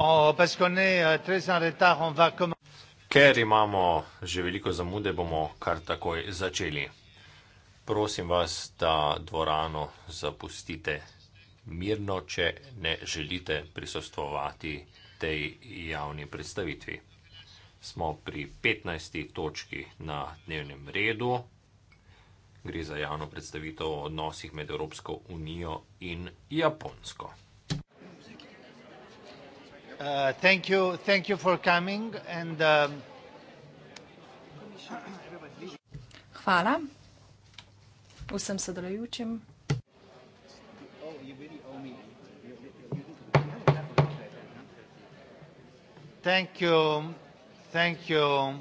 Oh, euh, Ker imamo že veliko zamude, bomo kar takoj začeli. Prosim vas, da dvorano zapustite mirno, če ne želite prisostovati tej javni predstavitvi. Smo pri 15. točki na dnevnem redu. Gre za javno predstavitev o odnosih med Evropsko unijo in Japonsko uh, thank you thank you for coming and um... hvala vsem sodelujočim thank you thank you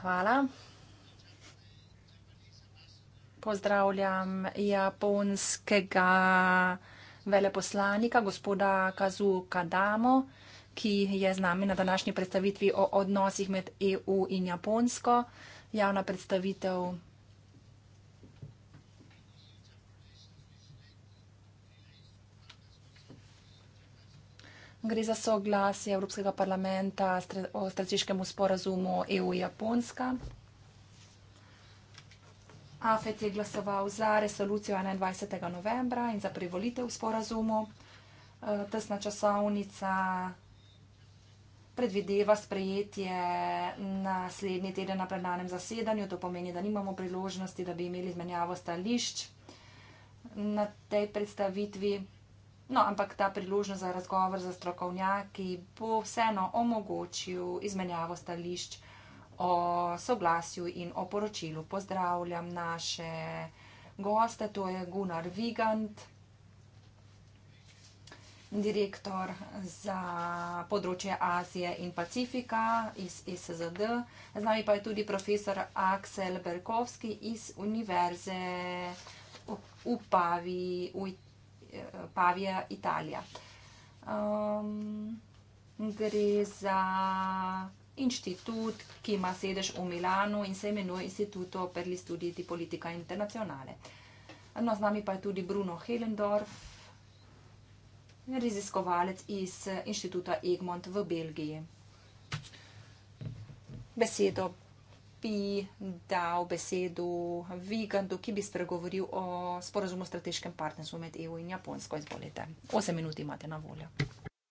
hvala pozdravljam japonskega veleposlanika, gospoda Kazu Kadamo, ki je z nami na današnji predstavitvi o odnosih med EU in Japonsko. Javna predstavitev. Gre za soglasje Evropskega parlamenta o strateškem sporazumu EU-Japonska. AFET je glasoval za resolucijo 21. novembra in za privolitev v sporazumu. E, tesna časovnica predvideva sprejetje naslednji teden na plenarnem zasedanju. To pomeni, da nimamo priložnosti, da bi imeli izmenjavo stališč na tej predstavitvi. No, ampak ta priložnost za razgovor za strokovnjaki bo vseeno omogočil izmenjavo stališč o soglasju in o poročilu. Pozdravljam naše goste, to je Gunnar Vigant, direktor za področje Azije in Pacifika iz SZD. Z nami pa je tudi profesor Aksel Berkovski iz Univerze v Pavi, v Pavija, Italija. Um, gre za inštitut, ki ima sedež v Milano in se imenuje Instituto per gli studi di politica internazionale. No, z nami pa je tudi Bruno Helendorf, raziskovalec iz inštituta Egmont v Belgiji. Besedo bi dal besedu Vigandu, ki bi spregovoril o sporazumu o strateškem partnerstvu med EU in Japonsko. Izvolite. Osem minut imate na voljo.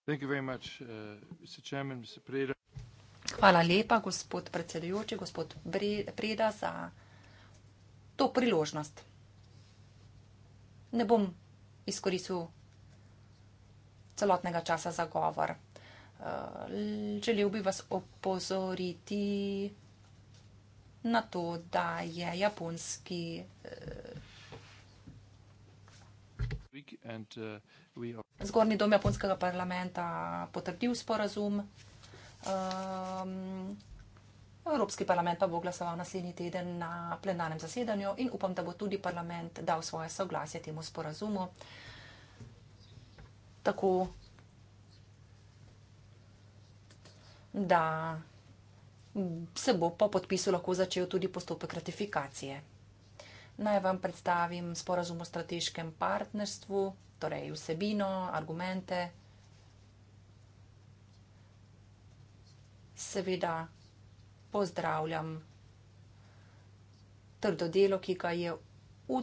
Thank you very much, uh, Mr. Chairman, Mr. Preda. Hvala lepa, gospod predsedujoči, gospod Breda, za to priložnost. Ne bom izkoristil celotnega časa za govor. Eh, želel bi vas opozoriti na to, da je japonski. Eh, eh, Zgornji dom japonskega parlamenta potrdil sporazum um, Evropski parlament pa bo glasoval naslednji teden na plenarnem zasedanju in upam, da bo tudi parlament dal svoje soglasje temu sporazumu. Tako da se bo po podpisu lahko začel tudi postopek ratifikacije. Naj vam predstavim sporazum o strateškem partnerstvu, torej vsebino, argumente. seveda pozdravljam trdo delo, ki ga je v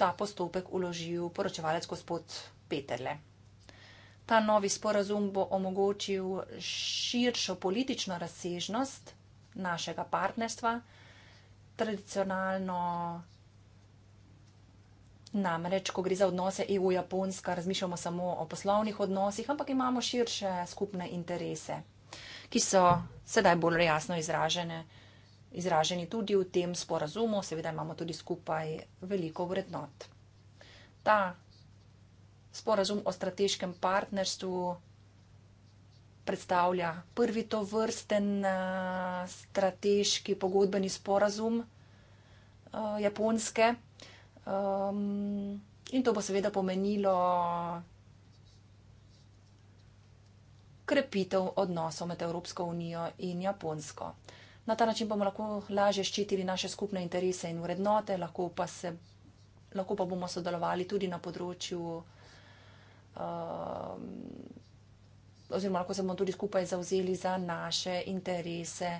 ta postopek uložil poročevalec gospod Peterle. Ta novi sporazum bo omogočil širšo politično razsežnost našega partnerstva, tradicionalno Namreč, ko gre za odnose EU-Japonska, razmišljamo samo o poslovnih odnosih, ampak imamo širše skupne interese, ki so sedaj bolj jasno izražene. Izraženi tudi v tem sporazumu, seveda imamo tudi skupaj veliko vrednot. Ta sporazum o strateškem partnerstvu predstavlja prvi to vrsten eh, strateški pogodbeni sporazum eh, Japonske. Um, in to bo seveda pomenilo krepitev odnosov med Evropsko unijo in Japonsko. Na ta način bomo lahko lažje ščitili naše skupne interese in vrednote, lahko pa, se, lahko pa bomo sodelovali tudi na področju. Um, Oziroma, lahko se bomo tudi skupaj zauzeli za naše interese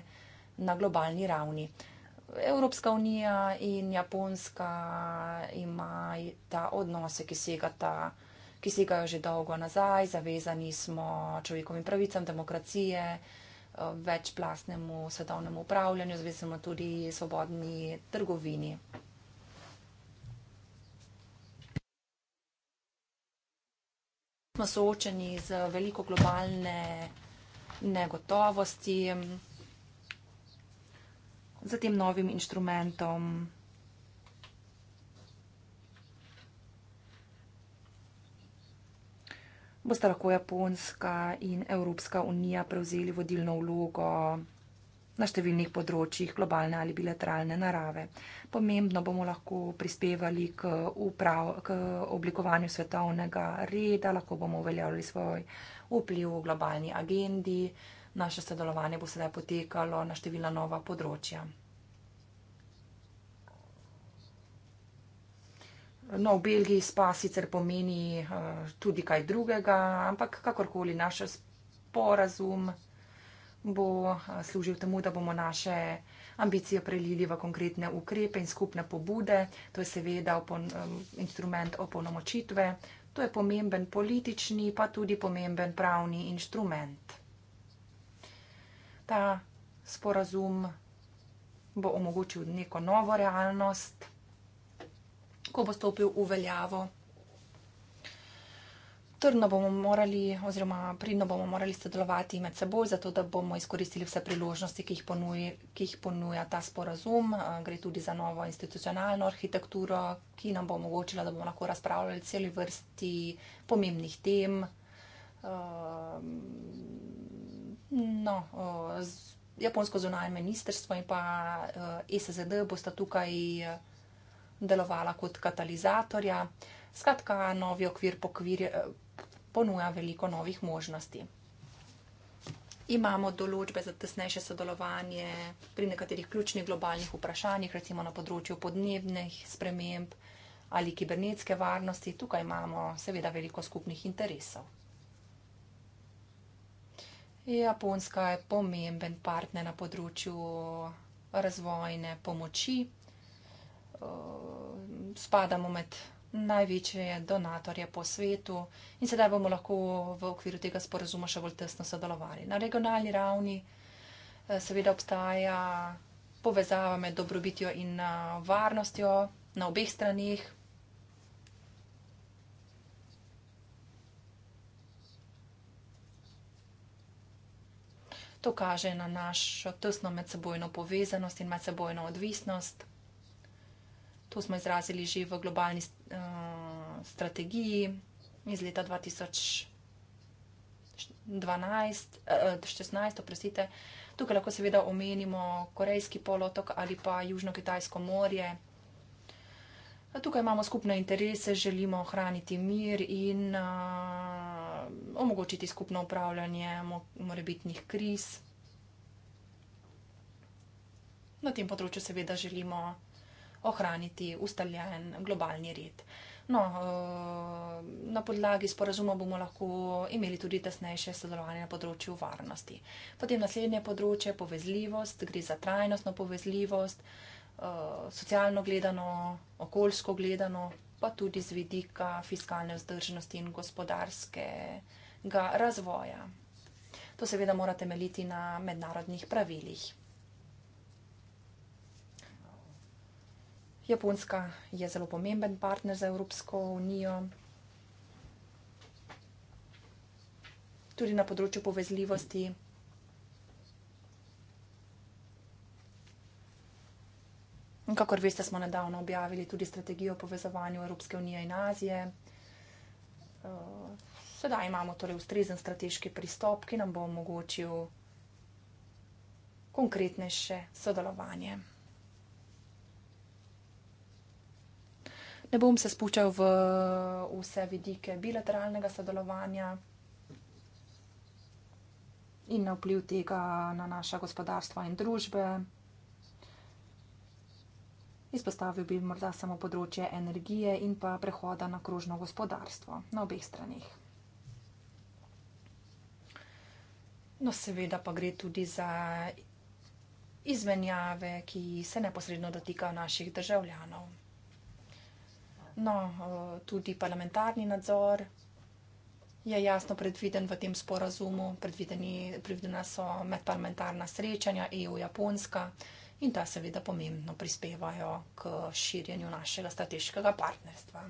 na globalni ravni. Uh, Evropska unija in Japonska imata odnose, ki segata. Ki segajo že dolgo nazaj, zavezani smo človekovim pravicam, demokracije, večplastnemu svetovnemu upravljanju, zavezani smo tudi svobodni trgovini. Smo soočeni z veliko globalne negotovosti za tem novim inštrumentom. Bosta lahko Japonska in Evropska unija prevzeli vodilno vlogo na številnih področjih globalne ali bilateralne narave. Pomembno bomo lahko prispevali k, uprav, k oblikovanju svetovnega reda, lahko bomo uveljavili svoj vpliv v globalni agendi, Naše sodelovanje bo sedaj potekalo na števila nova področja. No, v Belgiji spa sicer pomeni uh, tudi kaj drugega, ampak kakorkoli naš sporazum bo eh, služil temu, da bomo naše ambicije prelili v konkretne ukrepe in skupne pobude. To je seveda opon, um, instrument opolnomočitve. To je pomemben politični, pa tudi pomemben pravni inštrument ta sporazum bo omogočil neko novo realnost, ko bo stopil v veljavo. Trdno bomo morali, oziroma pridno bomo morali sodelovati med seboj, zato da bomo izkoristili vse priložnosti, ki jih, ponuj, ki jih ponuja ta sporazum. Eh, gre tudi za novo institucionalno arhitekturo, ki nam bo omogočila, da bomo lahko razpravljali celi vrsti pomembnih tem. Um, No, Japonsko zunanje ministrstvo in pa e, SZD bosta tukaj e, delovala kot katalizatorja. Skratka, novi okvir pokvir, e, ponuja veliko novih možnosti. Imamo določbe za tesnejše sodelovanje pri nekaterih ključnih globalnih vprašanjih, recimo na področju podnebnih sprememb ali kibernetske varnosti. Tukaj imamo seveda veliko skupnih interesov. Japonska je pomemben partner na področju eh, razvojne pomoči. Eh, spadamo med največje donatorje po svetu in sedaj bomo lahko v okviru tega sporazuma še bolj tesno sodelovali. Na regionalni ravni eh, seveda obstaja povezava med dobrobitjo in varnostjo na obeh stranih, To kaže na našo tesno medsebojno povezanost in medsebojno odvisnost. To smo izrazili že v globalni uh, strategiji iz leta 2012-2016. Uh, eh, Tukaj lahko seveda omenimo Korejski polotok ali pa Južno-Kitajsko morje. Tukaj imamo skupne interese, želimo ohraniti mir in. Uh, omogočiti skupno upravljanje morebitnih kriz. Na tem področju seveda želimo ohraniti ustaljen globalni red. No, eh, na podlagi sporazuma bomo lahko imeli tudi tesnejše sodelovanje na področju varnosti. Potem naslednje področje je povezljivost, gre za trajnostno povezljivost, eh, socialno gledano, okoljsko gledano, pa tudi z vidika fiskalne vzdržnosti in gospodarskega razvoja. To seveda mora temeljiti na mednarodnih pravilih. Japonska je zelo pomemben partner za Evropsko unijo. Tudi na področju povezljivosti. Mm. Kakor veste, smo nedavno objavili tudi strategijo o povezovanju Evropske unije in Azije. Eh, sedaj imamo torej ustrezen strateški pristop, ki nam bo omogočil konkretnejše sodelovanje. Ne bom se spuščal v vse vidike bilateralnega sodelovanja in na vpliv tega na naša gospodarstva in družbe. Izpostavil bi morda samo področje energije in pa prehoda na krožno gospodarstvo na obeh stranih. No, seveda pa gre tudi za izmenjave, ki se neposredno dotikajo naših državljanov. No, tudi parlamentarni nadzor je jasno predviden v tem sporazumu, predvidena so medparlamentarna srečanja EU-Japonska in ta seveda pomembno prispevajo k širjenju našega strateškega partnerstva.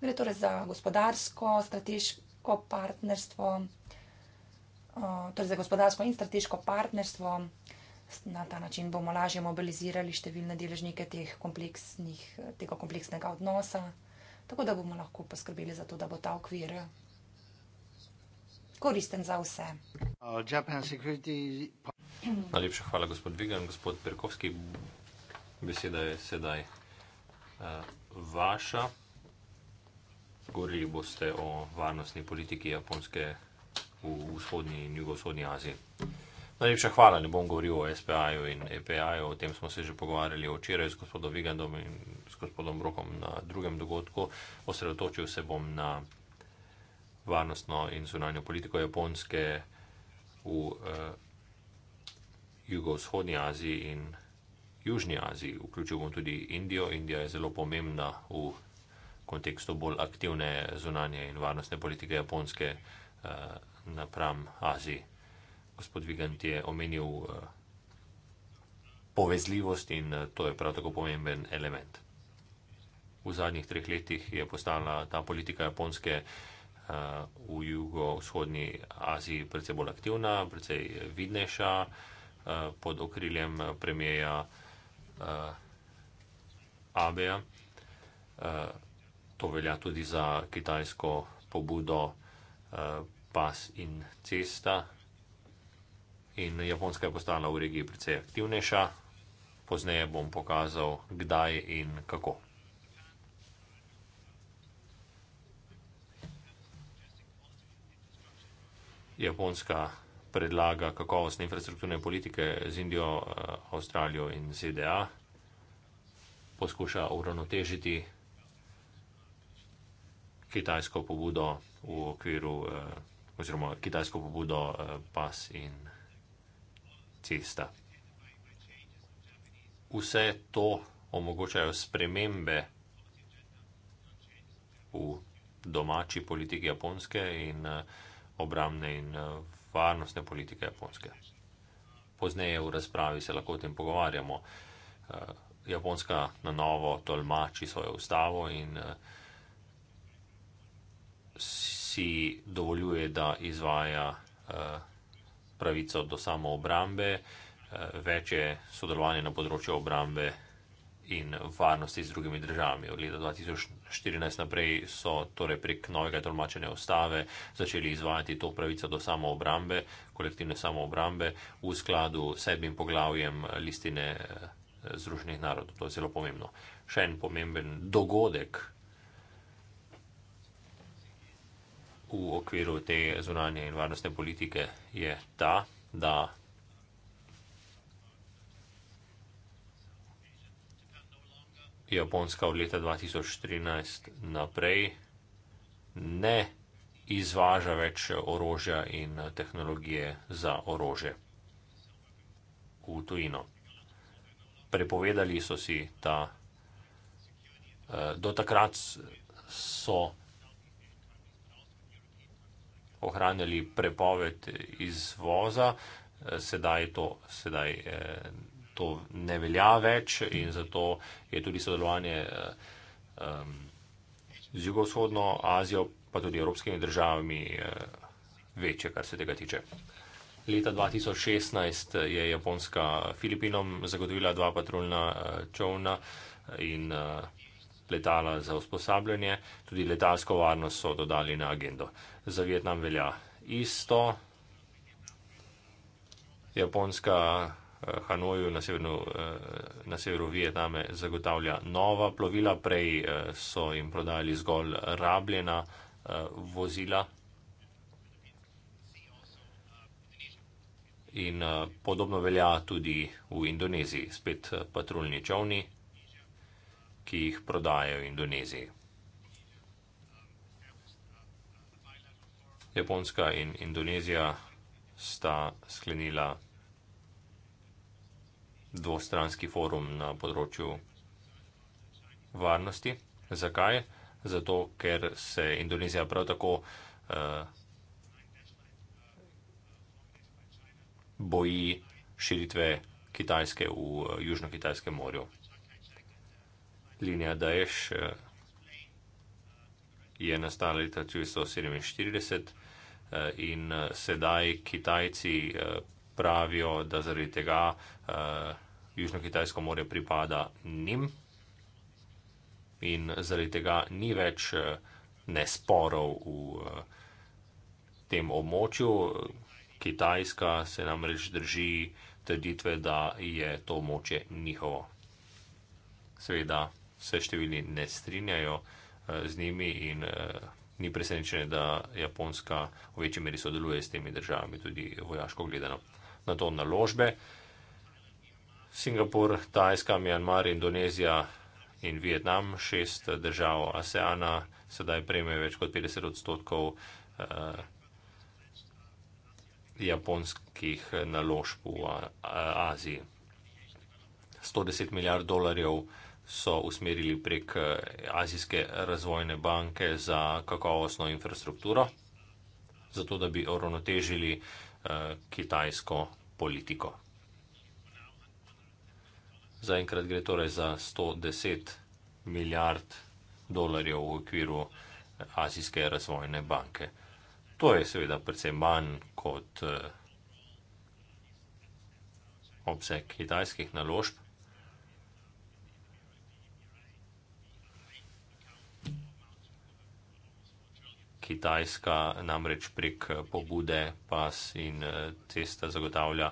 Gre torej za gospodarsko, strateško partnerstvo, eh, torej za gospodarsko in strateško partnerstvo. Na ta način bomo lažje mobilizirali številne deležnike kompleksnih, tega kompleksnega odnosa, tako da bomo lahko poskrbeli za to, da bo ta okvir koristen za vse. Najlepša hvala, gospod Vigan, gospod Perkovski. Beseda je sedaj uh, vaša. Govorili boste o varnostni politiki Japonske v vzhodnji in jugovzhodnji Aziji. Najlepša hvala, ne bom govoril o SPI-ju in EPI-ju, o tem smo se že pogovarjali včeraj z gospodom Vigandom in z gospodom Brokom na drugem dogodku. Osredotočil se bom na varnostno in zunanjo politiko Japonske v eh, jugovzhodnji Aziji in južnji Aziji. Vključil bom tudi Indijo. Indija je zelo pomembna v kontekstu bolj aktivne zunanje in varnostne politike Japonske eh, napram Aziji. Gospod Vigant je omenil eh, povezljivost in eh, to je prav tako pomemben element. V zadnjih treh letih je postala ta politika Japonske eh, uh, v jugovzhodni Aziji precej bolj aktivna, precej vidnejša uh, pod okriljem premijeja uh, eh, Abeja. Uh, to velja tudi za kitajsko pobudo uh, pas in cesta. In Japonska je postala v regiji precej aktivnejša. Pozneje bom pokazal, kdaj in kako. Japonska predlaga kakovostne infrastrukturne politike z Indijo, eh, Avstralijo in ZDA, poskuša uravnotežiti kitajsko pobudo v okviru eh, oziroma kitajsko pobudo eh, pas in cesta. Vse to omogočajo spremembe v domači politiki Japonske in uh, obramne in eh, varnostne politike Japonske. Pozneje v razpravi se lahko o tem pogovarjamo. Eh, Japonska na novo tolmači svojo ustavo in eh, si dovoljuje, da izvaja pravico do samoobrambe, večje sodelovanje na področju obrambe in varnosti z drugimi državami. Od leta 2014 naprej so torej prek novega tolmačenja ustave začeli izvajati to pravico do samoobrambe, kolektivne samoobrambe v skladu s sedmim poglavjem listine eh, Združenih narodov. To je zelo pomembno. Še en pomemben dogodek v okviru te zunanje in varnostne politike je ta, da Japonska od leta 2013 naprej ne izvaža več orožja in tehnologije za orože v tujino. Prepovedali so si ta, eh, do takrat so ohranjali prepoved izvoza, eh, sedaj to, sedaj. Eh, to ne velja več in zato je tudi sodelovanje um, z jugovzhodno Azijo, pa tudi evropskimi državami uh, večje, kar se tega tiče. Leta 2016 je Japonska Filipinom zagotovila dva patrolna uh, čovna in uh, letala za usposabljanje, tudi letalsko varnost so dodali na agendo. Za Vietnam velja isto. Japonska Eh, Hanoju na severu, eh, na severu Vietname zagotavlja nova plovila, prej eh, so jim prodajali zgolj rabljena vozila. In podobno velja tudi v Indoneziji, spet patruljni čovni, ki jih prodajajo v Indoneziji. Japonska in Indonezija sta sklenila dvostranski forum na področju varnosti. Zakaj? Zato, ker se Indonezija prav tako uh, boji širitve Kitajske v uh, Južno-Kitajskem morju. Linija Daesh uh, je nastala leta 1947 uh, in uh, sedaj Kitajci uh, pravijo, da zaradi tega uh, Južno-Kitajsko more pripada njim in zaradi tega ni več eh, nesporov v eh, tem območju. Kitajska se namreč drži trditve, da je to moče njihovo. Seveda se številni ne strinjajo eh, z njimi in ni presenečenje, da Japonska v večji meri sodeluje s temi državami tudi vojaško gledano. Na to naložbe. Singapur, Tajska, Mjanmar, Indonezija in Vietnam, šest držav ASEANA, sedaj prejmejo več kot 50 odstotkov uh, japonskih naložb v eh, Aziji. 110 milijard dolarjev so usmerili prek eh, Azijske razvojne banke za kakovostno infrastrukturo, zato da bi oronotežili uh, kitajsko politiko. Zaenkrat gre torej za 110 milijard dolarjev v okviru eh, Azijske razvojne banke. To je seveda precej manj kot eh, obseg kitajskih naložb. Kitajska namreč prek eh, pobude pas in cesta zagotavlja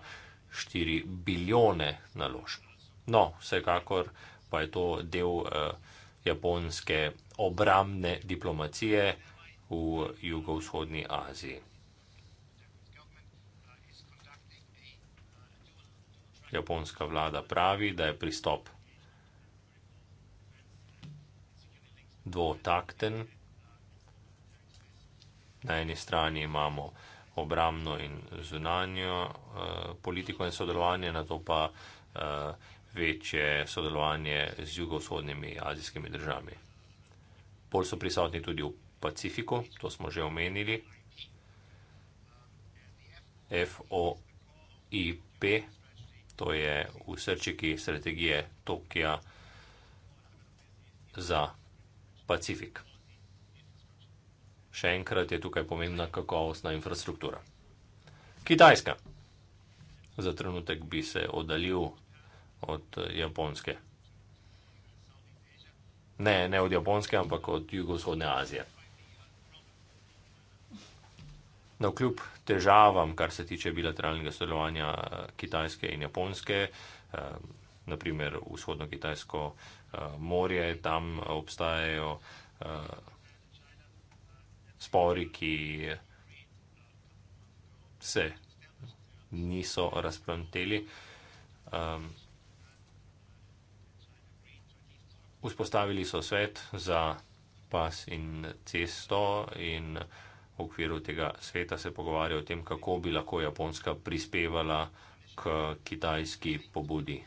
4 bilijone naložb. No, vsekakor pa je to del uh, japonske obramne diplomacije v jugovzhodni Aziji. Japonska vlada pravi, da je pristop dvotakten. Na eni strani imamo obramno in zunanjo uh, politiko in sodelovanje, na to pa uh, večje sodelovanje z jugovzhodnimi azijskimi državami. Bolj so prisotni tudi v Pacifiku, to smo že omenili. FOIP, to je v srčiki strategije Tokija za Pacifik. Še enkrat je tukaj pomembna kakovostna infrastruktura. Kitajska. Za trenutek bi se oddaljil od Japonske. Ne, ne od Japonske, ampak od jugovzhodne Azije. No, kljub težavam, kar se tiče bilateralnega sodelovanja eh, Kitajske in Japonske, eh, naprimer vzhodno-kitajsko eh, morje, tam obstajajo spori, ki se niso razplanteli. Vzpostavili so svet za pas in cesto in v okviru tega sveta se pogovarjajo o tem, kako bi lahko Japonska prispevala k kitajski pobudi.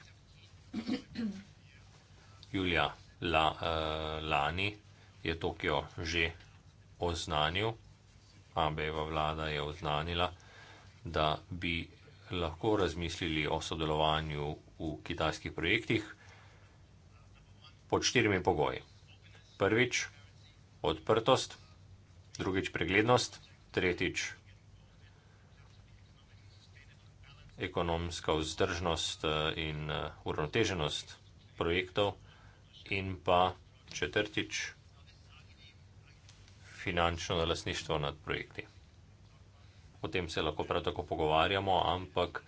Julija la, uh, lani je Tokio že oznanil, Abeva vlada je oznanila, da bi lahko razmislili o sodelovanju v kitajskih projektih pod štirimi pogoji. Prvič, odprtost, drugič, preglednost, tretjič, ekonomska vzdržnost eh, in eh, uravnoteženost projektov in pa četrtič, finančno lasništvo nad projekti. O tem se lahko prav tako pogovarjamo, ampak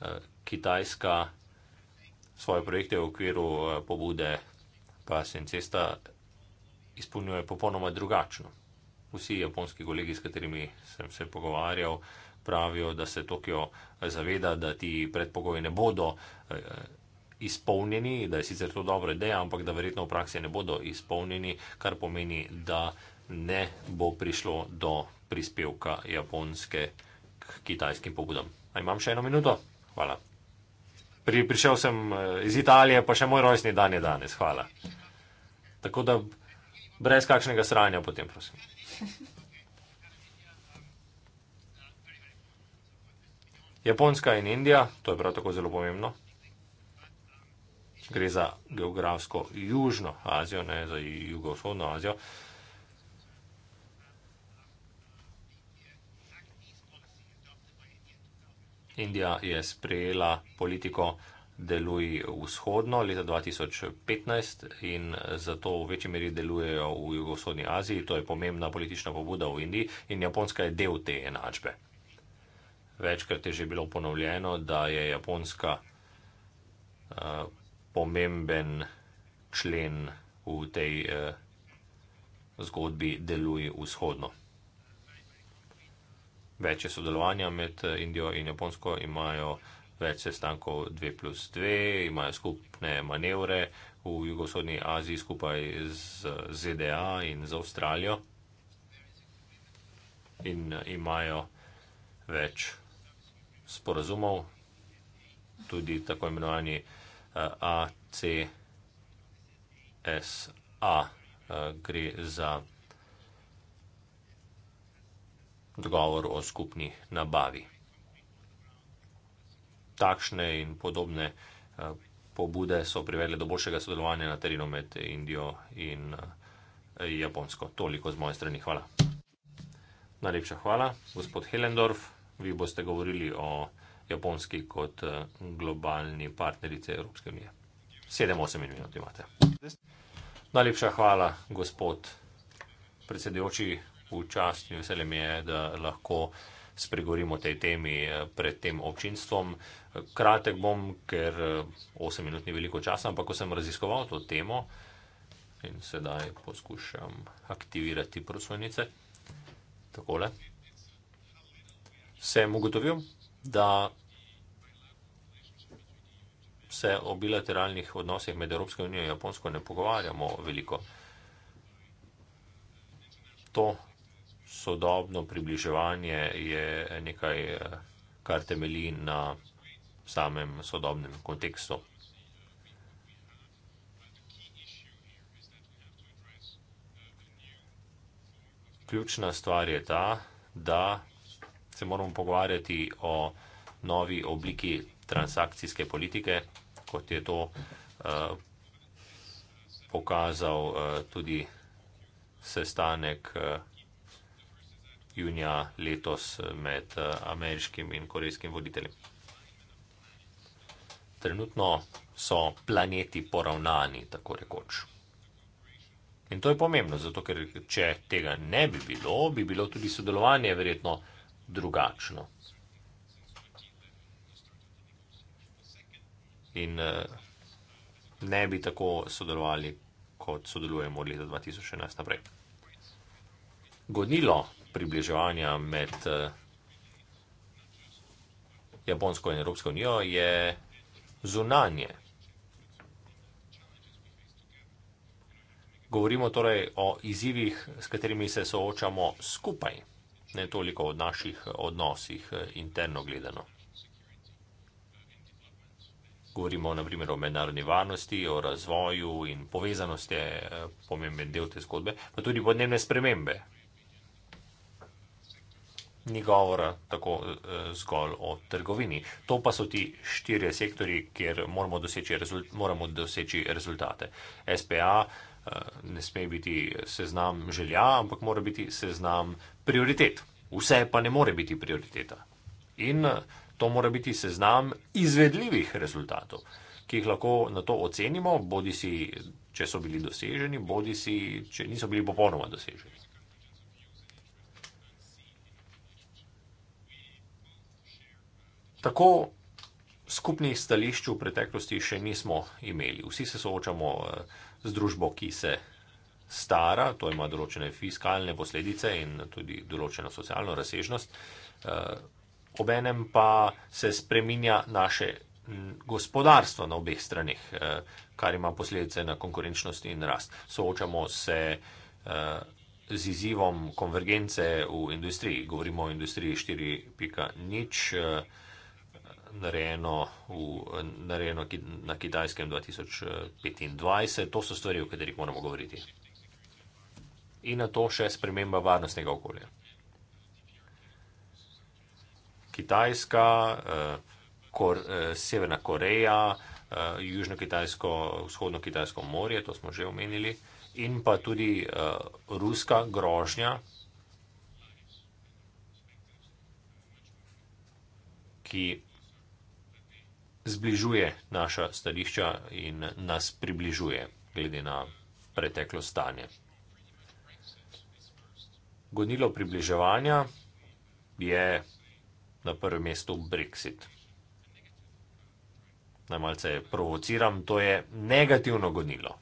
eh, Kitajska svoje projekte v okviru eh, pobude Pas in cesta izpolnjuje popolnoma drugačno. Vsi japonski kolegi, s katerimi sem se pogovarjal, pravijo, da se Tokio zaveda, da ti predpogoji ne bodo eh, izpolnjeni, da je sicer to dobra ideja, ampak da verjetno v praksi ne bodo izpolnjeni, kar pomeni, da ne bo prišlo do prispevka japonske k kitajskim pobudam. A imam še eno minuto? Hvala. Pri, prišel sem eh, iz Italije, pa še moj rojstni dan je danes. Hvala. Tako da brez kakšnega sranja potem, prosim. Japonska in Indija, to je prav tako zelo pomembno. Gre za geografsko južno Azijo, ne za jugovzhodno Azijo. Uh, Indija je sprejela politiko deluj vzhodno leta 2015 in zato v večji meri delujejo v jugovzhodni Aziji. To je pomembna politična pobuda v Indiji in Japonska je del te enačbe. Večkrat je že bilo ponovljeno, da je Japonska uh, pomemben člen v tej uh, zgodbi deluj vzhodno več je sodelovanja med eh, Indijo in Japonsko, imajo več sestankov 2 plus 2, imajo skupne manevre v jugosodni Aziji skupaj z ZDA in z Avstralijo in eh, imajo več sporazumov, tudi tako imenovani ACSA. Eh, gre za odgovor o skupni nabavi. Takšne in podobne eh, pobude so privedle do boljšega sodelovanja na terenu med Indijo in eh, Japonsko. Toliko z moje strani. Hvala. Najlepša hvala, gospod Helendorf. Vi boste govorili o Japonski kot eh, globalni partnerice Evropske unije. 7-8 minut imate. Najlepša hvala, gospod predsedujoči, v čast in vesele mi je, da lahko spregovorimo o tej temi eh, pred tem občinstvom. Kratek bom, ker 8 eh, minut ni veliko časa, ampak ko sem raziskoval to temo in sedaj poskušam aktivirati prosojnice, takole, sem ugotovil, da se o bilateralnih odnosih med Evropsko unijo in Japonsko ne pogovarjamo veliko. To sodobno približevanje je nekaj, eh, kar temelji na samem sodobnem kontekstu. Ključna stvar je ta, da se moramo pogovarjati o novi obliki transakcijske politike, kot je to uh, pokazal uh, tudi sestanek uh, junija letos med eh, ameriškim in korejskim voditeljem. Trenutno so planeti poravnani, tako rekoč. In to je pomembno, zato ker če tega ne bi bilo, bi bilo tudi sodelovanje verjetno drugačno. In eh, ne bi tako sodelovali, kot sodelujemo od leta 2011 naprej. Gonilo približevanja med eh, Japonsko in Evropsko unijo je zunanje. Govorimo torej o izzivih, s katerimi se soočamo skupaj, ne toliko o naših odnosih eh, interno gledano. Govorimo naprimer o mednarodni varnosti, o razvoju in povezanosti, eh, pomemben del te zgodbe, pa tudi podnebne spremembe, ni govora tako e, zgolj o trgovini. To pa so ti štirje sektori, kjer moramo doseči, rezult, moramo doseči rezultate. SPA e, ne sme biti seznam želja, ampak mora biti seznam prioritet. Vse pa ne more biti prioriteta. In e, to mora biti seznam izvedljivih rezultatov, ki jih lahko na to ocenimo, bodi si, če so bili doseženi, bodi si, če niso bili popolnoma doseženi. Tako skupnih stališč v preteklosti še nismo imeli. Vsi se soočamo eh, z družbo, ki se stara, to ima določene fiskalne posledice in tudi določeno socialno razsežnost. Eh, obenem pa se spreminja naše gospodarstvo na obeh stranih, eh, kar ima posledice na konkurenčnost in rast. Soočamo se z izzivom konvergence v industriji. Govorimo o industriji 4.0 narejeno, v, narejeno na kitajskem 2025. To so stvari, o katerih moramo govoriti. In na to še sprememba varnostnega okolja. Kitajska, eh, Kor, eh, Severna Koreja, eh, Južno-Kitajsko, Vzhodno-Kitajsko morje, to smo že omenili, in pa tudi ruska grožnja, ki zbližuje naša stališča in nas približuje glede na preteklo stanje. Gonilo približevanja je na prvem mestu Brexit. Najmalce provociram, to je negativno gonilo.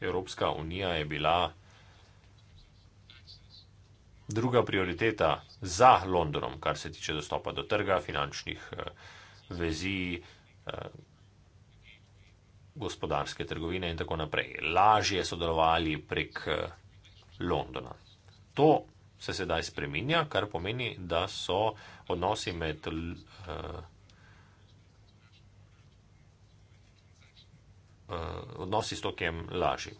Evropska unija je bila druga prioriteta za Londonom, kar se tiče dostopa do trga, finančnih eh, vezi, eh, gospodarske trgovine in tako naprej. Lažje sodelovali prek eh, Londona. To se sedaj spreminja, kar pomeni, da so odnosi med odnosi s tokjem lažji.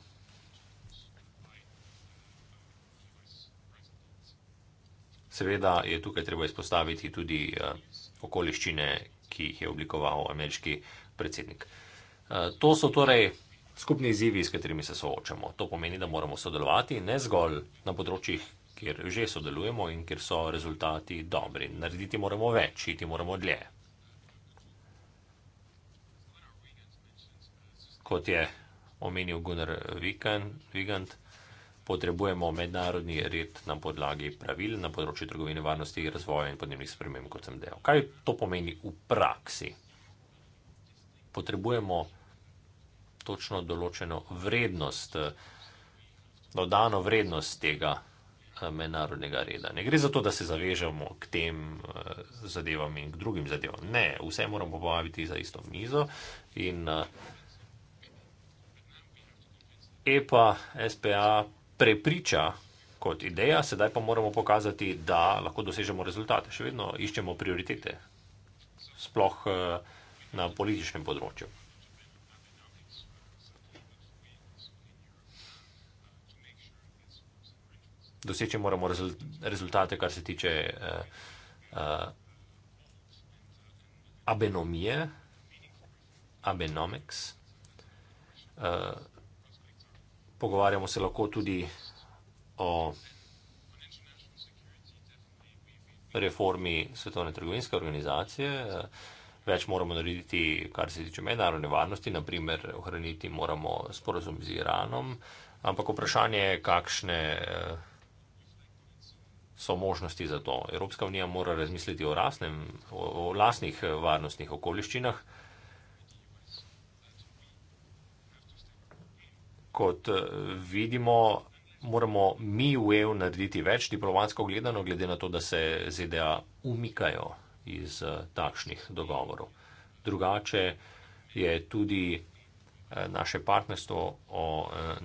Seveda je tukaj treba izpostaviti tudi eh, okoliščine, ki jih je oblikoval ameriški predsednik. Eh, to so torej skupni izzivi, s katerimi se soočamo. To pomeni, da moramo sodelovati ne zgolj na področjih, kjer že sodelujemo in kjer so rezultati dobri. Narediti moramo več, iti moramo dlje. Kot je omenil Gunnar Wigand, potrebujemo mednarodni red na podlagi pravil na področju trgovine, varnosti, razvoja in podnebnih sprememb, kot sem dejal. Kaj to pomeni v praksi? Potrebujemo točno določeno vrednost, dodano vrednost tega eh, mednarodnega reda. Ne gre za to, da se zavežemo k tem eh, zadevam in k drugim zadevam. Ne, vse moramo pobaviti za isto mizo in EPA, eh, e SPA prepriča kot ideja, sedaj pa moramo pokazati, da lahko dosežemo rezultate. Še vedno iščemo prioritete, sploh eh, na političnem področju. Doseči moramo rezultate, kar se tiče uh, uh, abenomije, abenomics. Uh, pogovarjamo se lahko tudi o reformi Svetovne trgovinske organizacije. Več moramo narediti, kar se tiče mednarodne varnosti, naprimer ohraniti moramo sporozum z Iranom, ampak vprašanje je, kakšne eh, so možnosti za to. Evropska unija mora razmisliti o, rasnem, o, o lasnih varnostnih okoliščinah. kot eh, vidimo, moramo mi v EU narediti več diplomatsko gledano, glede na to, da se ZDA umikajo iz eh, takšnih dogovorov. Drugače je tudi eh, naše partnerstvo o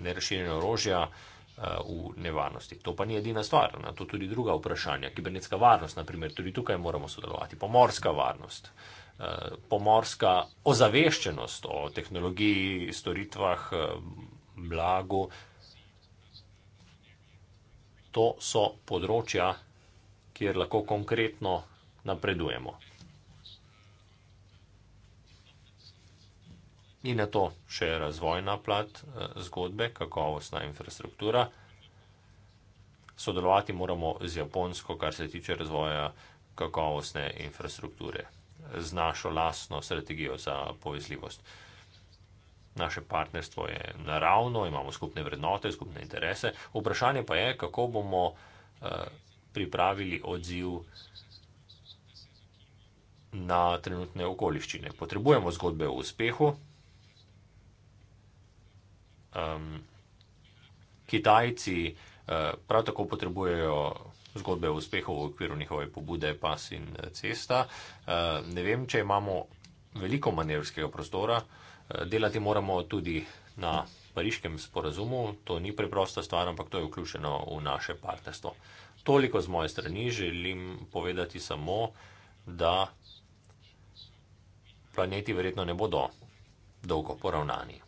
nerešenju orožja v nevarnosti. To pa ni edina stvar, na to tudi druga vprašanja. Kibernetska varnost, naprimer, tudi tukaj moramo sodelovati. Pomorska varnost, pomorska ozaveščenost o tehnologiji, storitvah, blagu. To so področja, kjer lahko konkretno napredujemo. In na to še razvojna plat eh, zgodbe, kakovostna infrastruktura. Sodelovati moramo z Japonsko, kar se tiče razvoja kakovostne infrastrukture, z našo lastno strategijo za povezljivost. Naše partnerstvo je naravno, imamo skupne vrednote, skupne interese. Vprašanje pa je, kako bomo eh, pripravili odziv na trenutne okoliščine. Potrebujemo zgodbe o uspehu. Um, Kitajci uh, prav tako potrebujejo zgodbe o uspehu v okviru njihove pobude Pas in cesta. Uh, ne vem, če imamo veliko manevrskega prostora. Uh, Eh, delati moramo tudi na pariškem sporazumu, to ni preprosta stvar, ampak to je vključeno v naše partnerstvo. Toliko z moje strani želim povedati samo, da planeti verjetno ne bodo dolgo poravnani.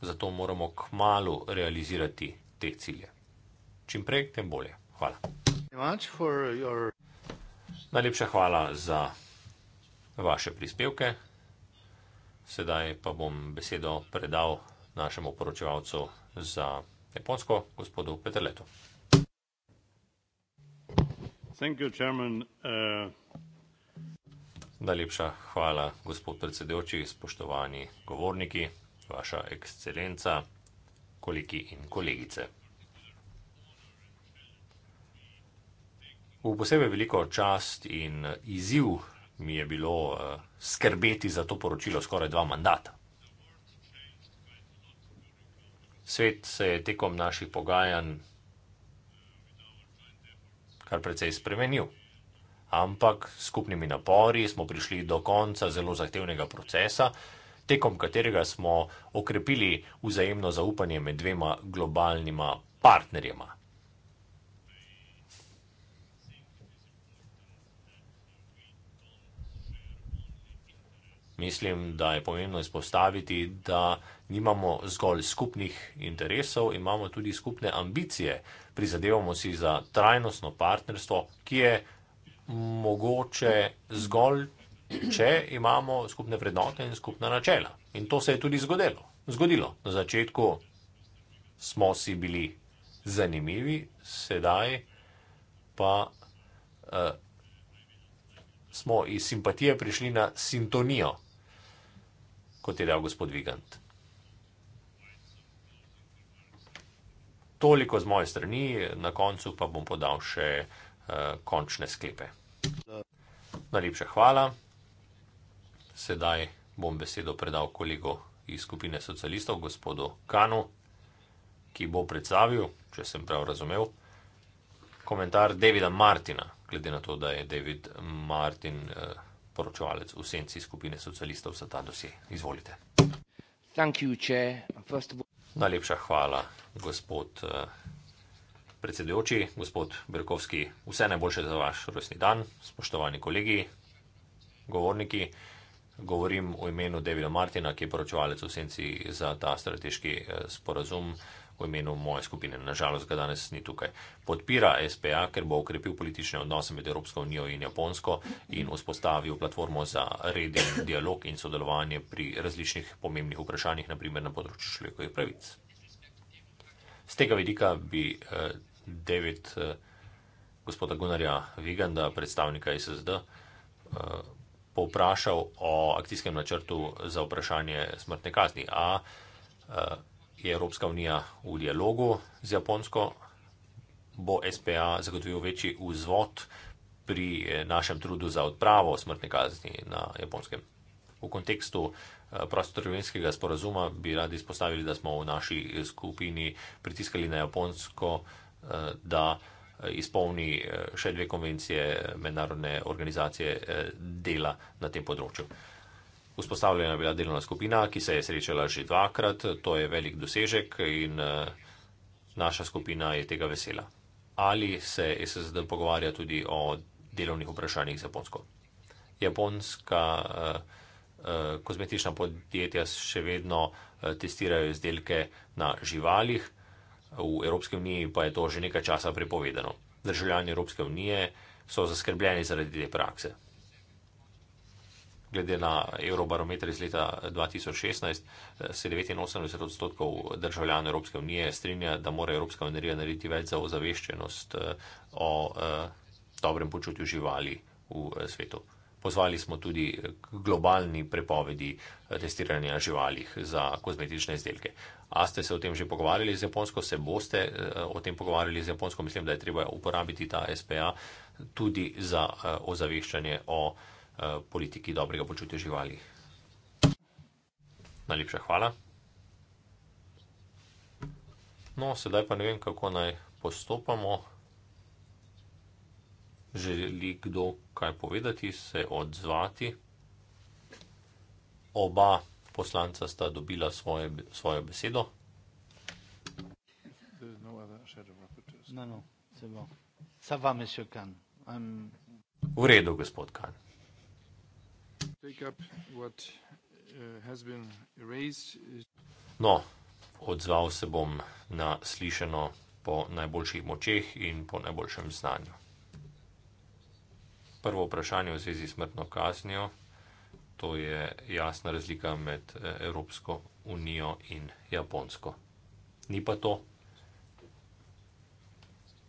Zato moramo k malu realizirati te cilje. Čim prej, tem bolje. Hvala. Najlepša hvala za vaše prispevke. Sedaj pa bom besedo predal našemu poročevalcu za Japonsko, gospodu Peterletu. Uh, Najlepša hvala, gospod predsedujoči, spoštovani govorniki, vaša ekscelenca, koliki in kolegice. V posebej veliko čast in izziv mi je bilo uh, skrbeti za to poročilo skoraj dva mandata. Svet se je tekom naših pogajanj kar precej spremenil, ampak s skupnimi napori smo prišli do konca zelo zahtevnega procesa, tekom katerega smo okrepili vzajemno zaupanje med dvema globalnima partnerjema. mislim, da je pomembno izpostaviti, da nimamo zgolj skupnih interesov, imamo tudi skupne ambicije. Prizadevamo si za trajnostno partnerstvo, ki je mogoče zgolj, če imamo skupne vrednote in skupna načela. In to se je tudi zgodilo. zgodilo. Na začetku smo si bili zanimivi, sedaj pa uh, smo iz simpatije prišli na sintonijo kot je dejal gospod Vigant. Toliko z moje strani, na koncu pa bom podal še uh, končne sklepe. Najlepša hvala. Sedaj bom besedo predal kolegu iz skupine socialistov, gospodu Kanu, ki bo predstavil, če sem prav razumel, komentar Davida Martina, glede na to, da je David Martin. Uh, poročevalec v senci skupine socialistov za ta dosje. Izvolite. You, all... Najlepša hvala, gospod eh, predsedujoči, gospod Berkovski. Vse najboljše za vaš rojstni dan, spoštovani kolegi, govorniki. Govorim v imenu Davida Martina, ki je poročevalec v senci za ta strateški eh, sporazum v imenu moje skupine. Nažalost ga danes ni tukaj. Podpira SPA, ker bo ukrepil politične odnose med Evropsko unijo in Japonsko in vzpostavil platformo za reden dialog in sodelovanje pri različnih pomembnih vprašanjih, naprimer na področju človekovih pravic. Z tega vidika bi eh, devet eh, gospoda Gunarja Viganda, predstavnika SSD, eh, povprašal o akcijskem načrtu za vprašanje smrtne kazni. A, a, je Evropska unija v dialogu z Japonsko, bo SPA zagotovil večji vzvod pri eh, našem trudu za odpravo smrtne kazni na japonskem. V kontekstu eh, prostotrgovinskega sporazuma bi radi izpostavili, da smo v naši eh, skupini pritiskali na Japonsko, da izpolni še dve konvencije mednarodne organizacije dela na tem področju. Vzpostavljena je bila delovna skupina, ki se je srečala že dvakrat, to je velik dosežek in eh, naša skupina je tega vesela. Ali se SSD pogovarja tudi o delovnih vprašanjih z Japonsko? Japonska eh, eh, kozmetična podjetja še vedno testirajo izdelke na živalih, v Evropski uniji pa je to že nekaj časa prepovedano. Državljani Evropske unije so zaskrbljeni zaradi te prakse glede na eurobarometer iz leta 2016, se 89 odstotkov državljan Evropske unije strinja, da mora Evropska unija narediti več za ozaveščenost eh, o eh, dobrem počutju živali v eh, svetu. Pozvali smo tudi k globalni prepovedi testiranja živalih za kozmetične izdelke. A ste se o tem že pogovarjali z Japonsko, se boste o tem pogovarjali z Japonsko, mislim, da je treba uporabiti ta SPA tudi za ozaveščanje o. Eh, politiki dobrega počutja živali. Najlepša hvala. No, sedaj pa ne vem, kako naj postopamo. Želi kdo kaj povedati, se odzvati? Oba poslanca sta dobila svoje, svojo besedo. No no, no, um, v redu, gospod Kan take up what uh, has been raised. No, odzval se bom na slišeno po najboljših močeh in po najboljšem znanju. Prvo vprašanje v zvezi s smrtno kaznijo, to je jasna razlika med eh, Evropsko unijo in Japonsko. Ni pa to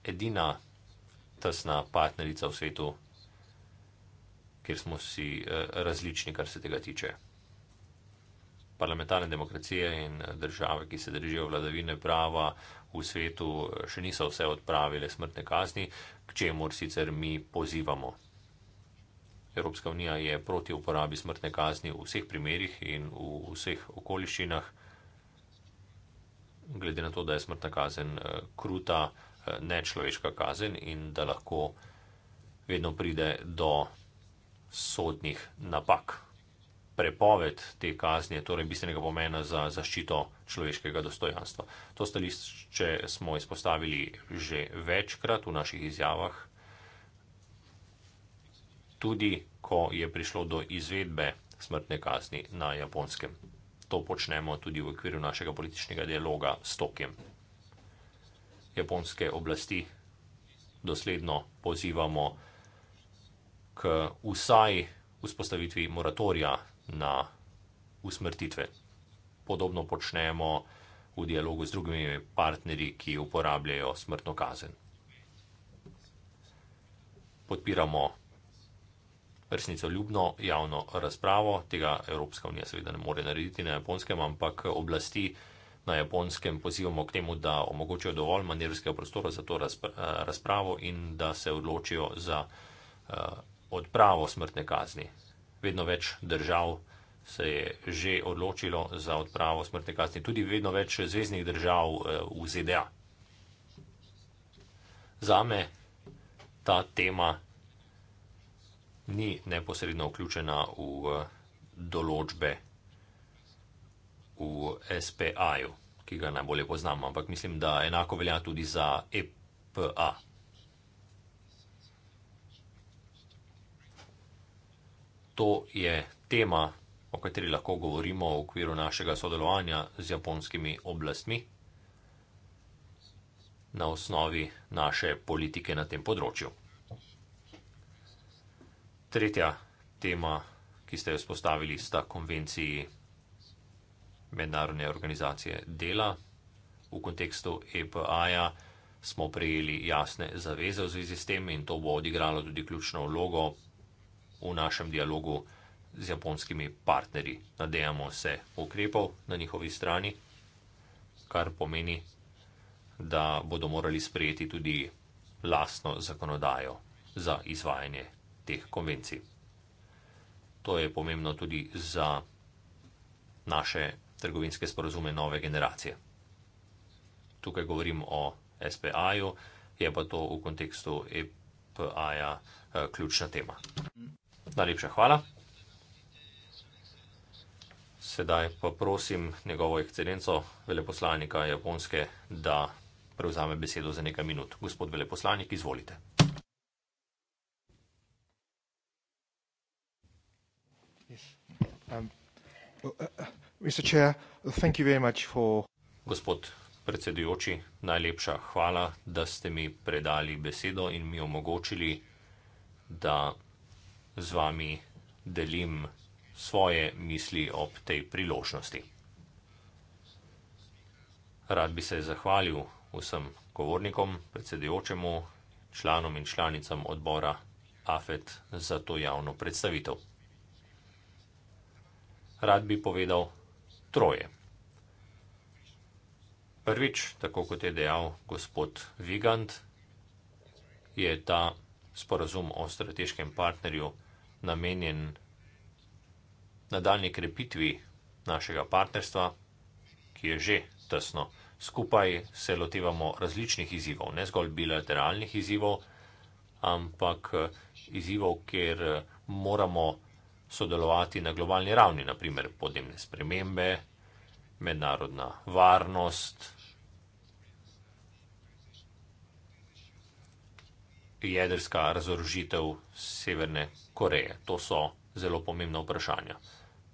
edina tesna partnerica v svetu kjer smo vsi eh, različni, kar se tega tiče. Parlamentarne demokracije in eh, države, ki se držijo vladavine prava v svetu, eh, še niso vse odpravile smrtne kazni, k čemur sicer mi pozivamo. Evropska unija je proti uporabi smrtne kazni v vseh primerjih in v vseh okoliščinah. Glede na to, da je smrtna kazen eh, kruta, nečloveška kazen in da lahko vedno pride do sodnih napak. Prepoved te kazni je torej bistvenega pomena za zaščito človeškega dostojanstva. To stališče smo izpostavili že večkrat v naših izjavah, tudi ko je prišlo do izvedbe smrtne kazni na japonskem. To počnemo tudi v okviru našega političnega dialoga s Tokijem. Japonske oblasti dosledno pozivamo, k vsaj vzpostavitvi moratorija na usmrtitve. Podobno počnemo v dialogu z drugimi partnerji, ki uporabljajo smrtno kazen. Podpiramo resnico ljubno javno razpravo, tega Evropska unija seveda ne more narediti na japonskem, ampak oblasti na japonskem pozivamo k temu, da omogočijo dovolj manevrskega prostora za to eh, razpravo in da se odločijo za eh, odpravo smrtne kazni. Vedno več držav se je že odločilo za odpravo smrtne kazni, tudi vedno več zvezdnih držav eh, v ZDA. Za me ta tema ni neposredno vključena v eh, določbe v SPA-ju, ki ga najbolje poznam, ampak mislim, da enako velja tudi za EPA. to je tema, o kateri lahko govorimo v okviru našega sodelovanja z japonskimi oblastmi na osnovi naše politike na tem področju. Tretja tema, ki ste jo spostavili, sta konvenciji Mednarodne organizacije dela. V kontekstu EPA-ja smo prejeli jasne zaveze v zvezi s tem in to bo odigralo tudi ključno vlogo v našem dialogu z japonskimi partnerji. Nadejamo se ukrepov na njihovi strani, kar pomeni, da bodo morali sprejeti tudi lastno zakonodajo za izvajanje teh konvencij. To je pomembno tudi za naše trgovinske sporozume nove generacije. Tukaj govorim o SPA-ju, je pa to v kontekstu EPA-ja eh, ključna tema. Mm. Najlepša hvala. Sedaj pa prosim njegovo ekscelenco veleposlanika Japonske, da prevzame besedo za nekaj minut. Gospod veleposlanik, izvolite. Um, uh, uh, Gospod predsedujoči, najlepša hvala, da ste mi predali besedo in mi omogočili, da z vami delim svoje misli ob tej priložnosti. Rad bi se zahvalil vsem govornikom, predsedujočemu, članom in članicam odbora AFET za to javno predstavitev. Rad bi povedal troje. Prvič, tako kot je dejal gospod Vigand, je ta sporazum o strateškem partnerju namenjen nadaljni krepitvi našega partnerstva, ki je že tesno. Skupaj se lotevamo različnih izzivov, ne zgolj bilateralnih izzivov, ampak izzivov, kjer moramo sodelovati na globalni ravni, naprimer podnebne spremembe, mednarodna varnost, jedrska razorožitev Severne Koreje. To so zelo pomembna vprašanja.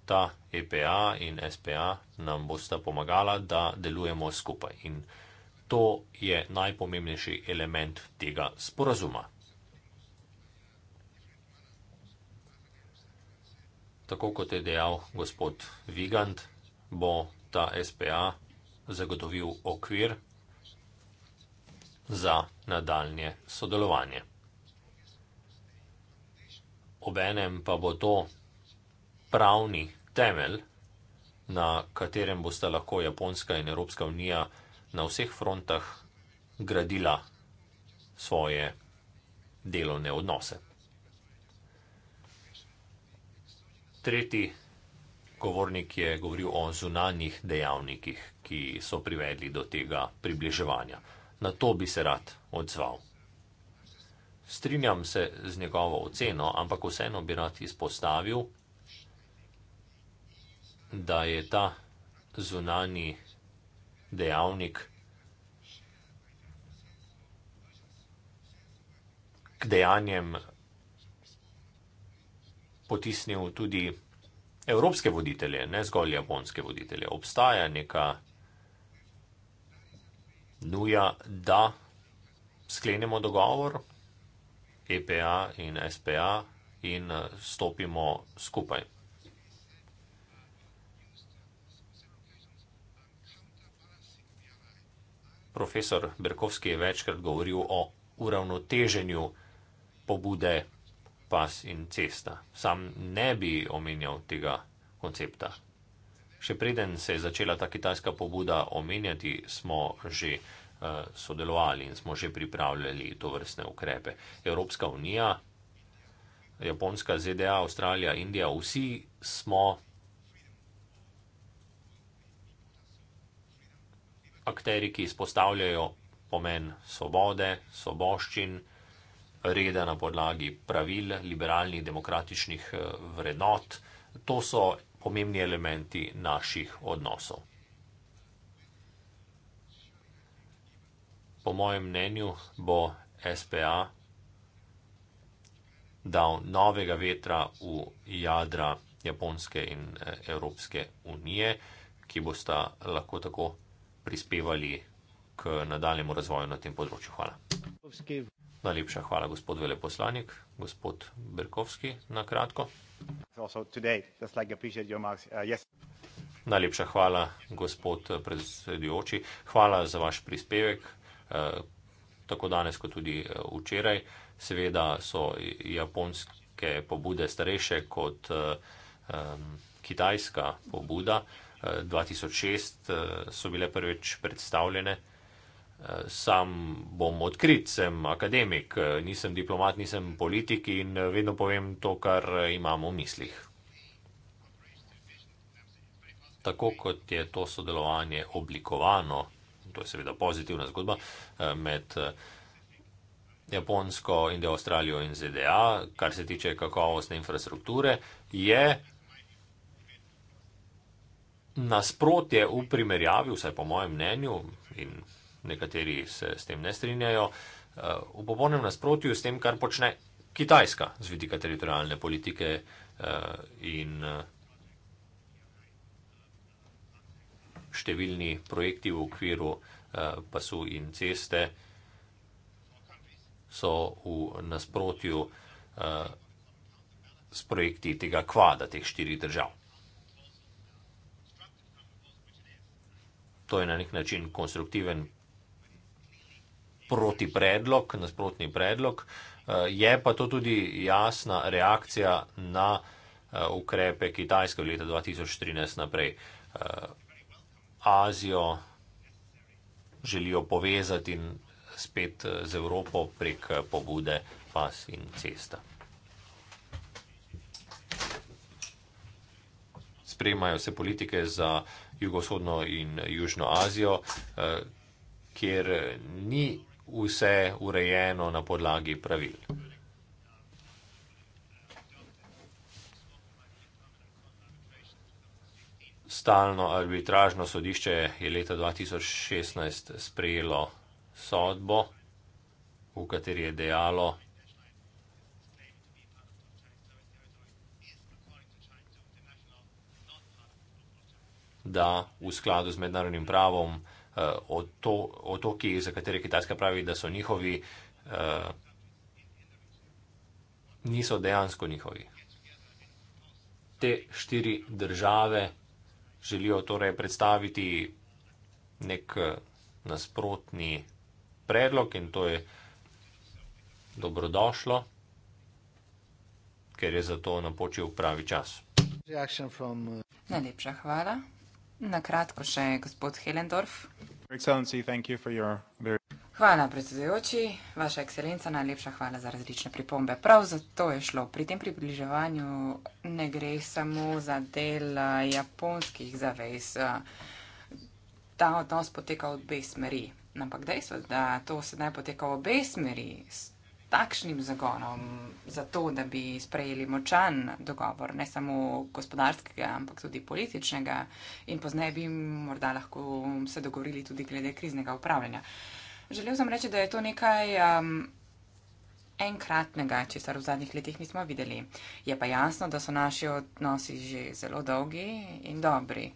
Ta EPA in SPA nam bosta pomagala, da delujemo skupaj. In to je najpomembnejši element tega sporazuma. Tako kot je dejal gospod Vigand, bo ta SPA zagotovil okvir za nadaljnje sodelovanje. Obenem pa bo to pravni temelj, na katerem bosta lahko Japonska in Evropska unija na vseh frontah gradila svoje delovne odnose. Tretji govornik je govoril o zunanjih dejavnikih, ki so privedli do tega približevanja. Na to bi se rad odzval. Strinjam se z njegovo oceno, ampak vseeno bi rad izpostavil, da je ta zunani dejavnik k dejanjem potisnil tudi evropske voditelje, ne zgolj japonske voditelje. Obstaja neka nuja, da sklenemo dogovor EPA in SPA in stopimo skupaj. Profesor Berkovski je večkrat govoril o uravnoteženju pobude pas in cesta. Sam ne bi omenjal tega koncepta. Še preden se je začela ta kitajska pobuda omenjati, smo že eh, sodelovali in smo že pripravljali to vrstne ukrepe. Evropska unija, Japonska, ZDA, Avstralija, Indija, vsi smo akteri, ki izpostavljajo pomen svobode, svoboščin, reda na podlagi pravil, liberalnih, demokratičnih eh, vrednot. To so pomembni elementi naših odnosov. Po mojem mnenju bo SPA dal novega vetra v jadra Japonske in e, Evropske unije, ki bosta lahko tako prispevali k nadaljemu razvoju na tem področju. Hvala. Najlepša hvala, gospod veleposlanik, gospod Berkovski, na kratko. Uh, Najlepša hvala, gospod predsedujoči. Hvala za vaš prispevek, uh, tako danes kot tudi uh, včeraj. Seveda so japonske pobude starejše kot um, kitajska pobuda. 2006 so bile prvič predstavljene. Sam bom odkrit, sem akademik, nisem diplomat, nisem politik in vedno povem to, kar imam v mislih. Tako kot je to sodelovanje oblikovano, to je seveda pozitivna zgodba, med Japonsko, Indijo, Avstralijo in ZDA, kar se tiče kakovostne infrastrukture, je nasprotje v primerjavi, vsaj po mojem mnenju, in nekateri se s tem ne strinjajo, eh, v popolnem nasprotju s tem, kar počne Kitajska z vidika teritorijalne politike eh, in eh, številni projekti v okviru pasu in ceste so v nasprotju s projekti tega kvada, teh štirih držav. To je na nek način konstruktiven proti predlog, nasprotni predlog. Eh, je pa to tudi jasna reakcija na eh, ukrepe Kitajske v leta 2013 naprej. Eh, Azijo želijo povezati in spet z Evropo prek pobude pas in cesta. Spremajo se politike za jugovzhodno in južno Azijo, kjer ni vse urejeno na podlagi pravil. Stalno arbitražno sodišče je leta 2016 sprejelo sodbo, v kateri je dejalo, da v skladu z mednarodnim pravom Eh, o to, otokih, za katere Kitajska pravi, da so njihovi, uh, niso dejansko njihovi. Te štiri države želijo torej predstaviti nek eh, nasprotni predlog in to je dobrodošlo, ker je za to napočil pravi čas. Najlepša hvala. Na kratko še gospod Helendorf. Hvala, predsedujoči. Vaša ekscelenca, najlepša hvala za različne pripombe. Prav zato je šlo. Pri tem približevanju ne gre samo za del japonskih zavez. Ta odnos poteka v obe smeri. Ampak dejstvo, da to sedaj poteka v obe smeri, takšnim zagonom za to, da bi sprejeli močan dogovor, ne samo gospodarskega, ampak tudi političnega in pozneje bi morda lahko se dogovorili tudi glede kriznega upravljanja. Želel sem reči, da je to nekaj um, enkratnega, česar v zadnjih letih nismo videli. Je pa jasno, da so naši odnosi že zelo dolgi in dobri.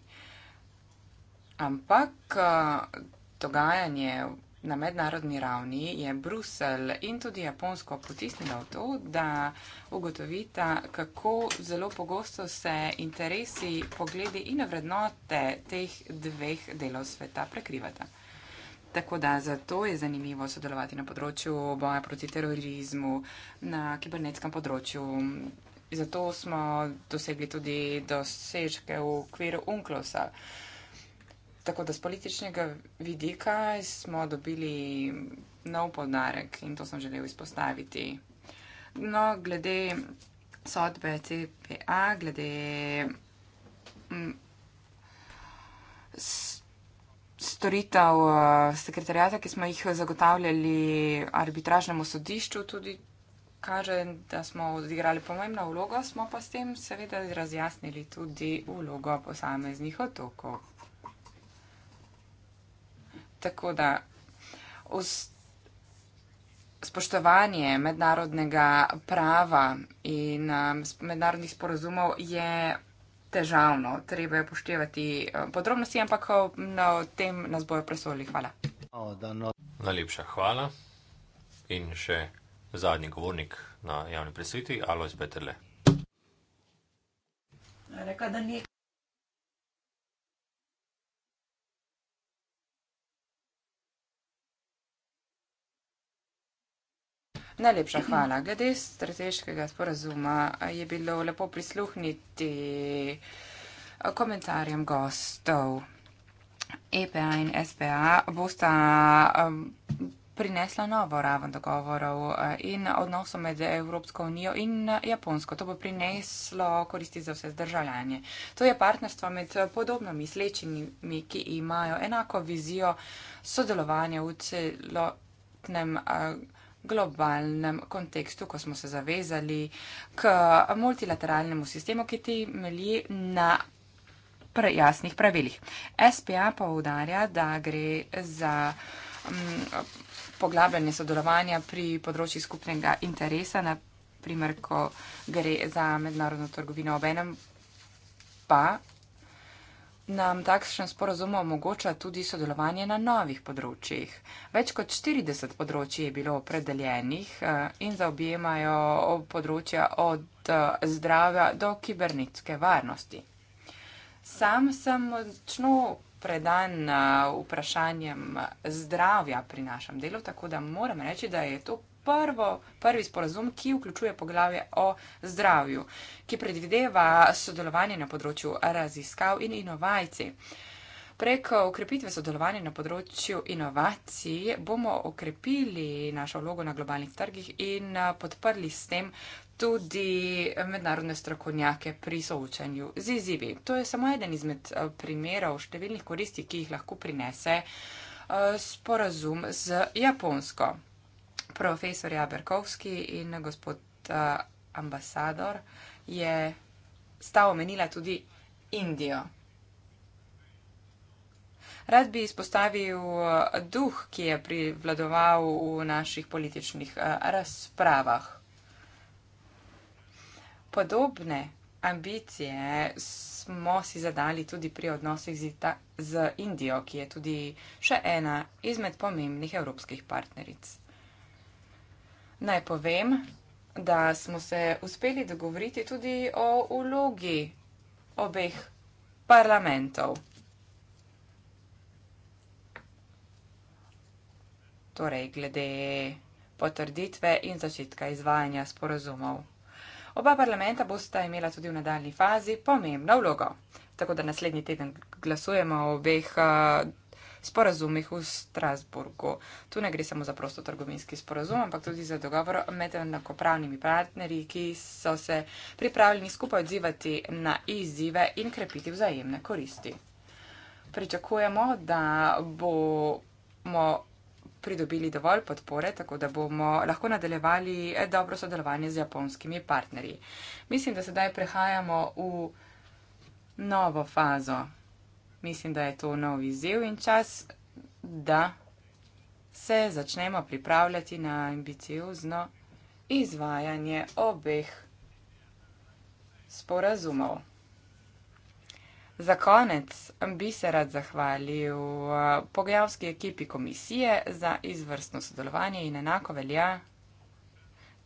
Ampak uh, dogajanje Na mednarodni ravni je Bruselj in tudi Japonsko potisnila v to, da ugotovita, kako zelo pogosto se interesi, pogledi in vrednote teh dveh delov sveta prekrivata. Tako da zato je zanimivo sodelovati na področju boja proti terorizmu, na kibernetskem področju. Zato smo dosegli tudi dosežke v okviru UNCLOS-a. Uh, tako da z političnega vidika smo dobili nov podarek in to sem želel izpostaviti. No, glede sodbe CPA, glede mm, storitev eh, sekretarjata, ki smo jih zagotavljali arbitražnemu sodišču, tudi kaže, da smo odigrali pomembno vlogo, smo pa s tem seveda razjasnili tudi vlogo posameznih otokov. Tako da, spoštovanje mednarodnega prava in um, mednarodnih sporozumov je težavno. Treba je poštevati uh, podrobnosti, ampak uh, o no, tem nas bojo presoli. Hvala. Najlepša hvala. In še zadnji govornik na javni presviti, Alois Betele. Reka, da ni Najlepša hvala. Glede strateškega sporazuma je bilo lepo prisluhniti eh, komentarjem gostov. EPA in SPA bosta eh, prinesla novo raven dogovorov eh, in odnosov med Evropsko unijo in Japonsko. To bo prineslo koristi za vse zdržalanje. To je partnerstvo med podobno mislečimi, ki imajo enako vizijo sodelovanja v celotnem. Uh, globalnem kontekstu, ko smo se zavezali k multilateralnemu sistemu, ki ti meli na jasnih pravilih. SPA pa udarja, da gre za m, mm, poglabljanje sodelovanja pri področji skupnega interesa, na primer, ko gre za mednarodno trgovino obenem, pa nam takšen sporozum omogoča tudi sodelovanje na novih področjih. Več kot 40 področji je bilo opredeljenih eh, in zaobjemajo področja od eh, zdravja do kibernetske varnosti. Sam sem močno predan eh, vprašanjem zdravja pri našem delu, tako da moram reči, da je to prvo, prvi sporazum, ki vključuje poglavje o zdravju, ki predvideva sodelovanje na področju raziskav in inovacij. Preko ukrepitve sodelovanja na področju inovacij bomo okrepili našo vlogo na globalnih trgih in eh, podprli s tem tudi mednarodne strokovnjake pri soočanju z izzivi. To je samo eden izmed eh, primerov številnih koristi, ki jih lahko prinese eh, sporazum z Japonsko profesor Jaberkovski in gospod uh, ambasador, je sta omenila tudi Indijo. Rad bi izpostavil eh, duh, ki je privladoval v naših političnih eh, razpravah. Podobne ambicije smo si zadali tudi pri odnosih z Indijo, ki je tudi še ena izmed pomembnih evropskih partneric. Naj povem, da smo se uspeli dogovoriti tudi o vlogi obeh parlamentov. Torej, glede potrditve in začetka izvajanja sporozumov. Oba parlamenta bosta imela tudi v nadaljni fazi pomembno vlogo. Tako da naslednji teden glasujemo o obeh. Uh, sporazumih v Strasburgu. Tu ne gre samo za prosto trgovinski sporazum, ampak tudi za dogovor med enakopravnimi partnerji, ki so se pripravljeni skupaj odzivati na izzive in krepiti vzajemne koristi. Pričakujemo, da bomo pridobili dovolj podpore, tako da bomo lahko nadaljevali dobro sodelovanje z japonskimi partnerji. Mislim, da sedaj prehajamo v novo fazo Mislim, da je to nov izziv in čas, da se začnemo pripravljati na ambiciozno izvajanje obeh sporazumov. Za konec bi se rad zahvalil eh, pogajalski ekipi komisije za izvrstno sodelovanje in enako velja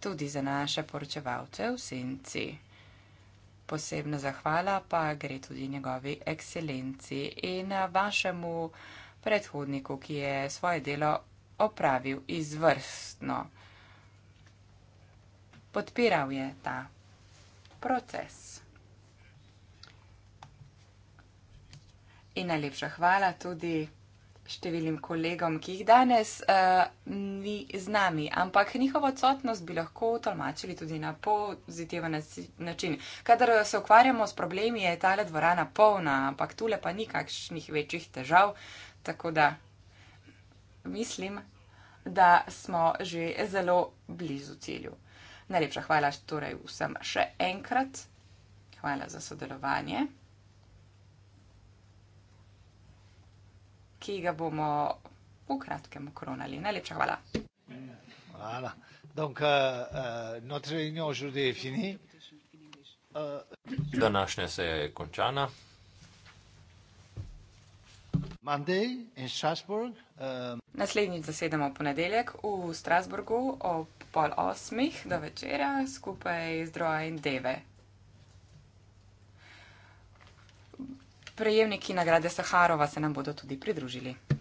tudi za naše poročevalce v senci posebna zahvala pa gre tudi njegovi ekscelenci in vašemu predhodniku, ki je svoje delo opravil izvrstno. Podpiral je ta proces. In najlepša hvala tudi številnim kolegom, ki jih danes uh, ni z nami, ampak njihovo odsotnost bi lahko tolmačili tudi na pozitiven način. Kadar se ukvarjamo s problemi, je tale dvorana polna, ampak tule pa ni kakšnih večjih težav, tako da mislim, da smo že zelo blizu cilju. Najlepša hvala torej vsem še enkrat. Hvala za sodelovanje. ki ga bomo v kratkem ukronali. Najlepša hvala. Hvala. Donc, uh, notre réunion aujourd'hui est finie. Uh, Današnja se je končana. Monday in Strasbourg. Um. Naslednjič zasedamo ponedeljek v Strasburgu ob pol osmih do večera skupaj z Droa in Deve. prejemniki nagrade Saharova se nam bodo tudi pridružili.